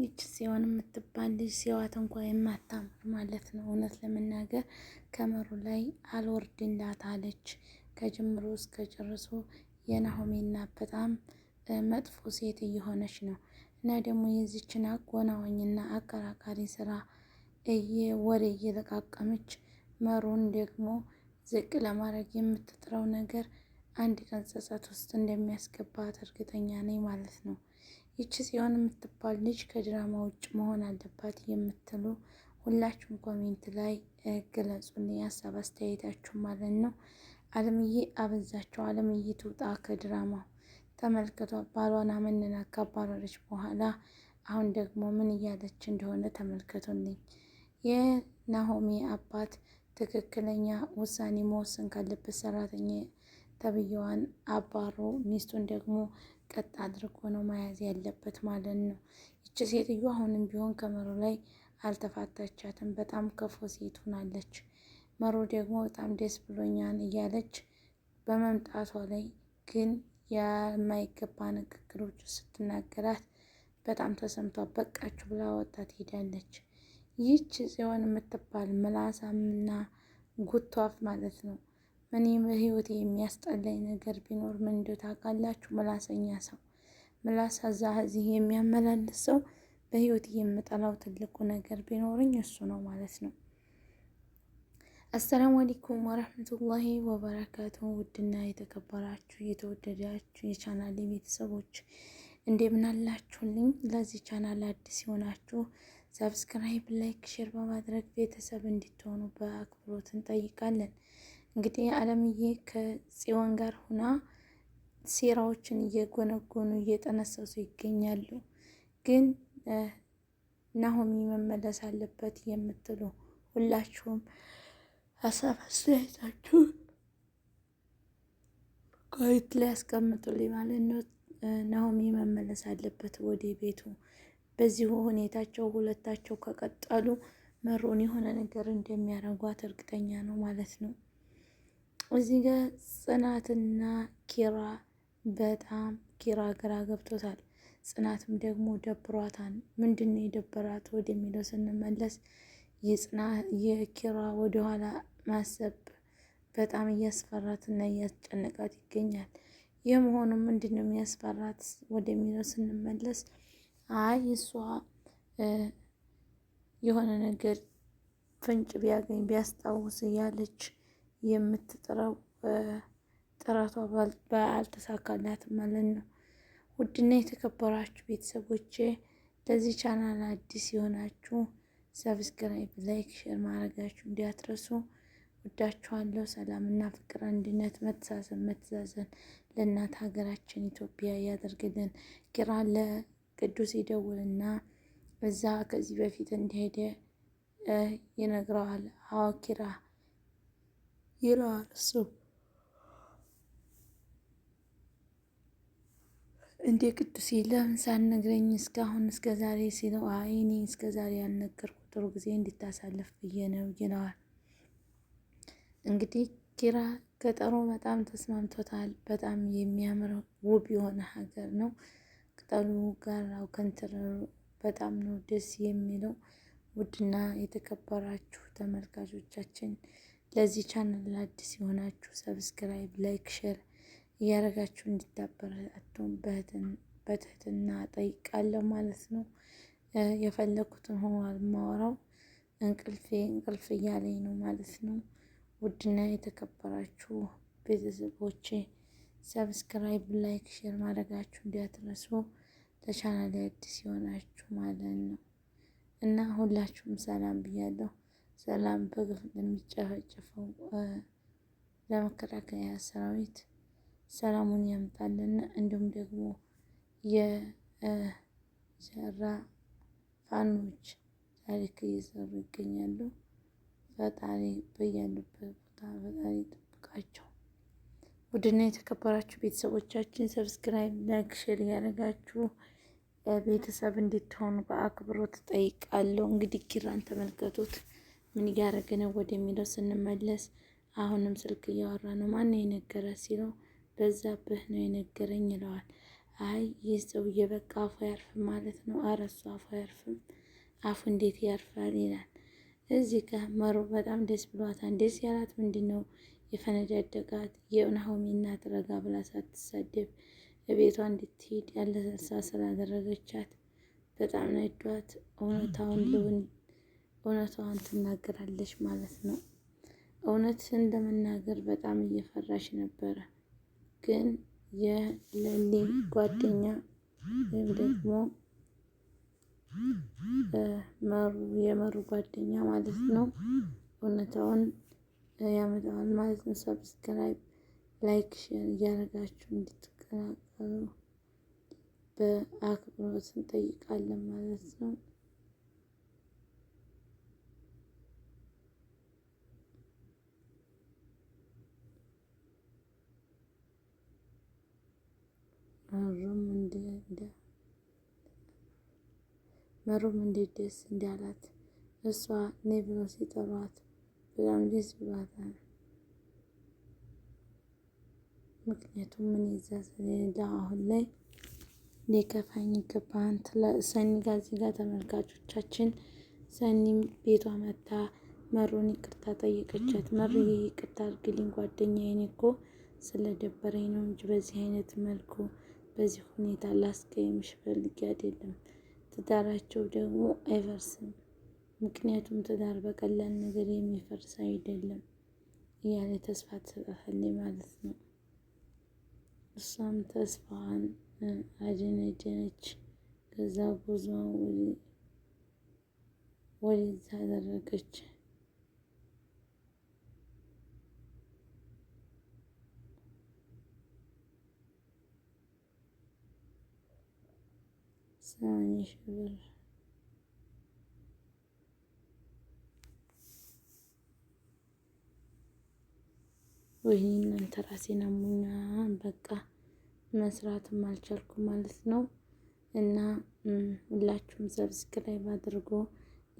ይች ሲሆን የምትባል ልጅ ሲዋት እንኳ የማታምር ማለት ነው። እውነት ለመናገር ከመሩ ላይ አልወርድላት አለች። ከጅምሩ እስከ ጨርሶ የናሆሜና በጣም መጥፎ ሴት እየሆነች ነው። እና ደግሞ የዚችን አጎናዋኝና አቀራቃሪ ስራ ወደ እየለቃቀመች መሩን ደግሞ ዝቅ ለማድረግ የምትጥረው ነገር አንድ ቀን ጸጸት ውስጥ እንደሚያስገባት እርግጠኛ ነኝ ማለት ነው። ይቺ ጽዮን የምትባል ልጅ ከድራማ ውጭ መሆን አለባት የምትሉ ሁላችሁም ኮሜንት ላይ ገለጹልኝ፣ ሀሳብ አስተያየታችሁ ማለት ነው። አለምዬ አበዛቸው። አለምዬ ትውጣ ከድራማው። ተመልክቷ። ባሏን አመንና ካባረረች በኋላ አሁን ደግሞ ምን እያለች እንደሆነ ተመልከቱልኝ። የናሆሚ አባት ትክክለኛ ውሳኔ መወሰን ካለበት ሰራተኛ ተብዬዋን አባሮ ሚስቱን ደግሞ ቀጥ አድርጎ ነው መያዝ ያለበት ማለት ነው። ይች ሴትዮ አሁንም ቢሆን ከመሮ ላይ አልተፋታቻትም። በጣም ክፉ ሴት ሆናለች። መሮ ደግሞ በጣም ደስ ብሎኛን እያለች በመምጣቷ ላይ ግን የማይገባ ንግግሮች ስትናገራት በጣም ተሰምቷ በቃችሁ ብላ ወጣ ትሄዳለች። ይህች ጽዮን የምትባል ምላሳምና ጉቷፍ ማለት ነው እኔ በህይወቴ የሚያስጠላኝ ነገር ቢኖር ምን እንደው ታውቃላችሁ? ምላሰኛ ሰው፣ ምላስ አዛ እዚህ የሚያመላልስ ሰው በህይወቴ የምጠላው ትልቁ ነገር ቢኖርኝ እሱ ነው ማለት ነው። አሰላሙ አለይኩም ወረህመቱላሂ ወበረካቱ። ውድና የተከበራችሁ የተወደዳችሁ የቻናል ቤተሰቦች እንደምን አላችሁልኝ? ለዚህ ቻናል አዲስ የሆናችሁ ሰብስክራይብ፣ ላይክ፣ ሼር በማድረግ ቤተሰብ እንዲትሆኑ በአክብሮት እንጠይቃለን። እንግዲህ አለምዬ ከጽዮን ጋር ሁና ሴራዎችን እየጎነጎኑ እየጠነሰሱ ይገኛሉ። ግን ናሆሚ መመለስ አለበት የምትሉ ሁላችሁም ሀሳብ አስተያየታችሁ ቆይት ላይ ያስቀምጡልኝ ማለት ነው። ናሆሚ መመለስ አለበት ወደ ቤቱ። በዚሁ ሁኔታቸው ሁለታቸው ከቀጠሉ መሮን የሆነ ነገር እንደሚያረጓት እርግጠኛ ነው ማለት ነው። እዚህ ጋር ጽናትና ኪራ በጣም ኪራ ግራ ገብቶታል። ጽናትም ደግሞ ደብሯታን ምንድን ነው የደበራት ወደሚለው ስንመለስ የኪራ ወደኋላ ማሰብ በጣም እያስፈራት እና እያስጨነቃት ይገኛል። የመሆኑ ምንድን ነው የሚያስፈራት ወደሚለው ስንመለስ አይ እሷ የሆነ ነገር ፍንጭ ቢያገኝ ቢያስታውስ እያለች የምትጥረው ጥረቷ ባልተሳካላት ማለት ነው። ውድና የተከበራችሁ ቤተሰቦቼ ለዚህ ቻናል አዲስ የሆናችሁ ሰብስክራይብ፣ ላይክ፣ ሼር ማድረጋችሁ እንዲያትረሱ። ወዳችኋለሁ። ሰላምና ፍቅር፣ አንድነት፣ መተሳሰብ፣ መተዛዘን ለእናት ሀገራችን ኢትዮጵያ ያደርግልን። ኪራ ለቅዱስ ይደውልና እዛ ከዚህ በፊት እንደሄደ ይነግረዋል። አዎ ኪራ ይለዋል እሱም እንዴ ቅዱሴ ለምን ሳትነግረኝ እስካሁን እስከ ዛሬ ሲለው፣ አይ እኔ እስከ ዛሬ ያልነገርኩ ጥሩ ጊዜ እንድታሳልፍ ብዬ ነው ይለዋል። እንግዲህ ኪራ ገጠሩ በጣም ተስማምቶታል። በጣም የሚያምር ውብ የሆነ ሀገር ነው። ቅጠሉ ጋራው ከንትር በጣም ነው ደስ የሚለው። ውድና የተከበራችሁ ተመልካቾቻችን ለዚህ ቻናል አዲስ የሆናችሁ ሰብስክራይብ፣ ላይክ፣ ሼር እያደረጋችሁ እንድታበረታቱን በትህትና ጠይቃለሁ ማለት ነው። የፈለኩትን ሆኗል ማወራው እንቅልፌ እንቅልፍ እያለኝ ነው ማለት ነው። ውድና የተከበራችሁ ቤተሰቦቼ ሰብስክራይብ፣ ላይክ፣ ሼር ማድረጋችሁ እንዲያትረሱ ለቻናል አዲስ የሆናችሁ ማለት ነው እና ሁላችሁም ሰላም ብያለሁ። ሰላም በግፍ ለሚጨፈጨፈው ለመከላከያ ሰራዊት ሰላሙን ያምጣልና እንዲሁም ደግሞ የዘራ ፋኖች ታሪክ እየሰሩ ይገኛሉ። ፈጣሪ በያሉበት ቦታ ፈጣሪ ይጠብቃቸው። ውድና የተከበራችሁ ቤተሰቦቻችን ሰብስክራይብ፣ ላይክ፣ ሼር እያደረጋችሁ ቤተሰብ እንድትሆኑ በአክብሮት ጠይቃለሁ። እንግዲህ ኪራን ተመልከቱት። ምን እያደረገ ነው ወደሚለው ስንመለስ አሁንም ስልክ እያወራ ነው። ማን የነገረ ሲለው በዛብህ ነው የነገረኝ ይለዋል። አይ ይህ ሰውዬ በቃ አፉ አያርፍም ማለት ነው። አረሱ አፉ አያርፍም፣ አፉ እንዴት ያርፋል ይላል። እዚህ ጋር መሮ በጣም ደስ ብሏታል። ደስ ያላት ምንድን ነው የፈነዳደጋት የናሆሚ እናት ረጋ ብላ ሳትሳደብ ቤቷ እንድትሄድ ያለ ያለሳ ስላደረገቻት በጣም ነዷት። እውነታውን ልውን እውነቷን ትናገራለች ማለት ነው። እውነትን ለመናገር በጣም እየፈራሽ ነበረ። ግን የሌሊ ጓደኛ ወይም ደግሞ የመሩ ጓደኛ ማለት ነው እውነታውን ያመጣዋል ማለት ነው። ሰብስክራይብ፣ ላይክ፣ ሼር እያደረጋችሁ እንድትቀላቀሉ በአክብሮት እንጠይቃለን ማለት ነው። መሮም እንዴት ደስ እንዳላት እሷ ነይ ብሎ ሲጠሯት በጣም ደስ ብሏታል። ምክንያቱም ምን ይዛ ስለሄደ አሁን ላይ ሊከፋኝ ይገባን ሰኒ ጋር ተመልካቾቻችን ሰኒም ቤቷ መታ መሩን ይቅርታ ጠየቀቻት። መሩዬ ይቅርታ አድርግልኝ ጓደኛዬ፣ እኔ እኮ ስለደበረኝ ነው እንጂ በዚህ አይነት መልኩ በዚህ ሁኔታ ላስቀይምሽ ፈልጌ አይደለም። ትዳራቸው ደግሞ አይፈርስም፣ ምክንያቱም ትዳር በቀላል ነገር የሚፈርስ አይደለም እያለ ተስፋ ትሰጣታለች ማለት ነው። እሷም ተስፋዋን አደነደነች። ከዛ ጉዞ ወደዛ አደረገች። ሰማንያ ሺህ ብር ወይኔ እናንተ ራሴን አሞኛል። በቃ መስራትም አልቻልኩ ማለት ነው። እና ሁላችሁም ሰብስክራይብ አድርጎ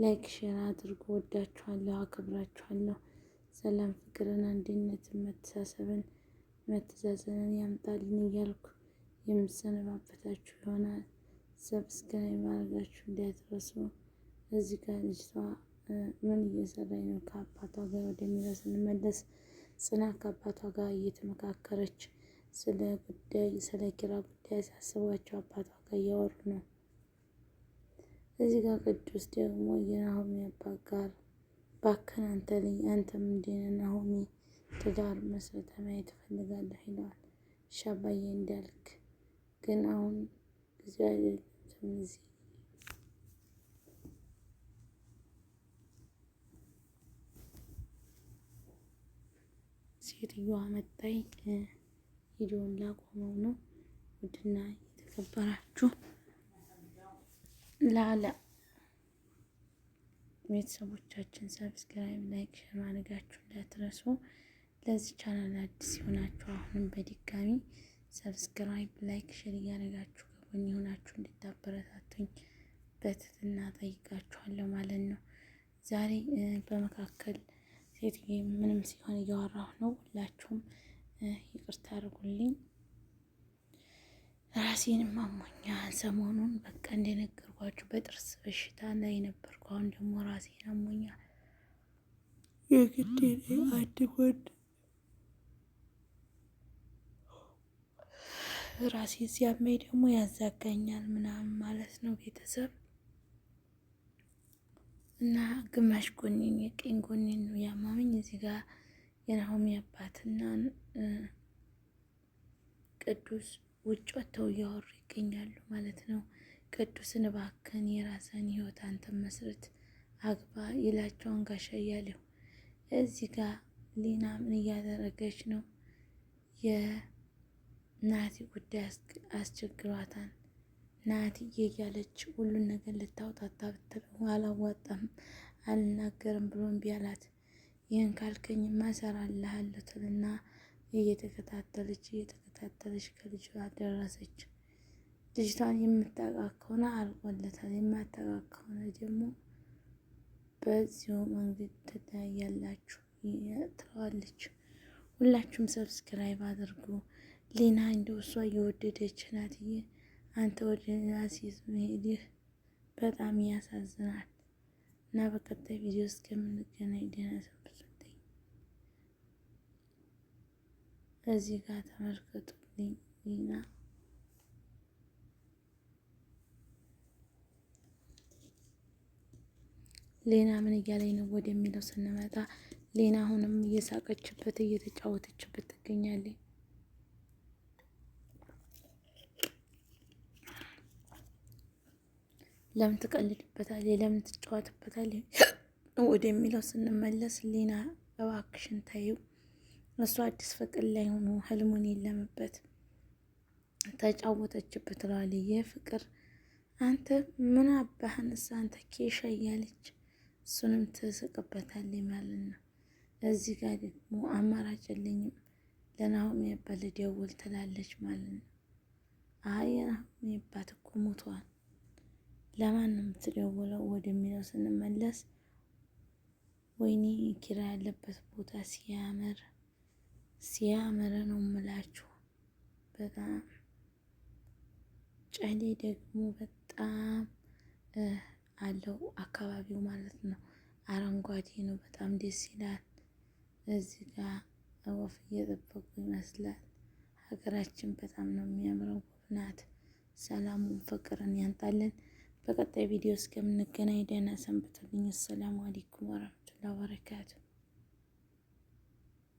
ላይክ፣ ሼር አድርጎ ወዳችኋለሁ፣ አክብራችኋለሁ። ሰላም፣ ፍቅርን፣ አንድነትን፣ መተሳሰብን፣ መተዛዘንን ያምጣልን እያልኩ የምሰነባበታችሁ ይሆናል። ሰብስክራይብ ማድረጋችሁ እንዳትረሱ። እዚህ ጋር ልጅቷ ምን እየሰራኝ ነው? ከአባቷ ጋር ወደሚለው ስንመለስ ጽናት ከአባቷ ጋር እየተመካከረች ስለ ጉዳይ ስለ ኪራ ጉዳይ ሳስቧቸው አባቷ ጋር እያወሩ ነው። እዚህ ጋር ቅዱስ ደግሞ የናሆሚ አባት ጋር ባከን አንተ ልኝ አንተም እንዴነ ናሆሚ ትዳር መስረተ ማየት ትፈልጋለህ ይለዋል። ሻባዬ እንዳልክ ግን አሁን ጊዜ እነዚህ ሴትዮዋ መጣይ ቪዲዮን ላቆመው ነው። ውድና የተከበራችሁ ላለ ቤተሰቦቻችን ሰብስክራይብ፣ ላይክ፣ ሸር ማድረጋችሁ እንዳትረሱ። ለዚህ ቻናል አዲስ የሆናችሁ አሁንም በድጋሚ ሰብስክራይብ፣ ላይክ፣ ሸር እያደረጋችሁ ከጎን የሆናችሁ እንድታበረታቱኝ በትህትና ጠይቃችኋለሁ ማለት ነው። ዛሬ በመካከል ሴትዬ ምንም ሲሆን እያወራሁ ነው። ሁላችሁም ይቅርታ አድርጉልኝ። ራሴንም አሞኛል ሰሞኑን በቃ እንደነገርኳችሁ በጥርስ በሽታ ላይ ነበርኩ። አሁን ደግሞ ራሴን አሞኛል። የግዴ ላይ ጎን ራሴ ሲያመኝ ደግሞ ያዛጋኛል ምናምን ማለት ነው ቤተሰብ እና ግማሽ ጎኔን የቀኝ ጎኔን ነው ያማመኝ። እዚህ ጋር የናሆሚ አባትና ቅዱስ ውጭ ወጥተው እያወሩ ይገኛሉ ማለት ነው። ቅዱስን እባክን የራስን ህይወት አንተ መስረት አግባ ይላቸውን ጋሻ እያለሁ እዚህ ጋር ሊና ምን እያደረገች ነው? ናቲ ጉዳይ አስቸግሯታል። ናቲ እያለች ሁሉን ነገር ልታውጣታ ብትለው አላዋጣም አልናገርም ብሎ እምቢ አላት። ይህን ካልከኝ ማሰራልሃለሁ ትልና እየተከታተለች እየተከታተለች ከልጇ ደረሰች። ልጅቷን የምታቃ ከሆነ አልቆለታል፣ የማታቃ ከሆነ ደግሞ በዚሁ መንገድ ትለያያላችሁ ትለዋለች። ሁላችሁም ሰብስክራይብ አድርጉ። ሌና እንደው እሷ እየወደደች ናት። አንተ ወደ አሲዝ መሄድህ በጣም ያሳዝናል። እና በቀጣይ ቪዲዮ እስከምንገናኝ ደህና ሰንብቱልኝ። እዚህ ጋር ተመልከቱልኝ ሌና ሌና ምን እያለኝ ነው ወደሚለው ስንመጣ ሌና አሁንም እየሳቀችበት እየተጫወተችበት ትገኛለች። ለምን ትቀልድበታል? ለምን ወደ የሚለው ስንመለስ ሊና እባክሽን ታዩ እሱ አዲስ ፍቅር ላይ ሆኖ ህልሙን የለምበት ተጫወተችበት ለዋል። ይህ ፍቅር አንተ ምን አባህንስ አንተ ኬሻ እያለች እሱንም ትስቅበታለች ማለት ነው። እዚህ ጋር ደግሞ አማራጭ የለኝም ለናሁም ያባ ልደውል ትላለች ማለት ነው። አይ ናሁም ያባት እኮ ሞተዋል። ለማን ነው የምትደውለው ወደሚለው ስንመለስ ወይኔ ኪራ ያለበት ቦታ ሲያምር ሲያምር ነው ምላችሁ። በጣም ጨሌ ደግሞ በጣም አለው አካባቢው ማለት ነው። አረንጓዴ ነው፣ በጣም ደስ ይላል። እዚህ ጋ ወፍ እየጠበቁ ይመስላል። ሀገራችን በጣም ነው የሚያምረው ናት። ሰላሙን ፍቅርን ያንጣለን። በቀጣይ ቪዲዮ እስከምንገናኝ ደህና ሰንብቱልኝ። አሰላሙ አለይኩም ወረህመቱላሂ ወበረካቱ።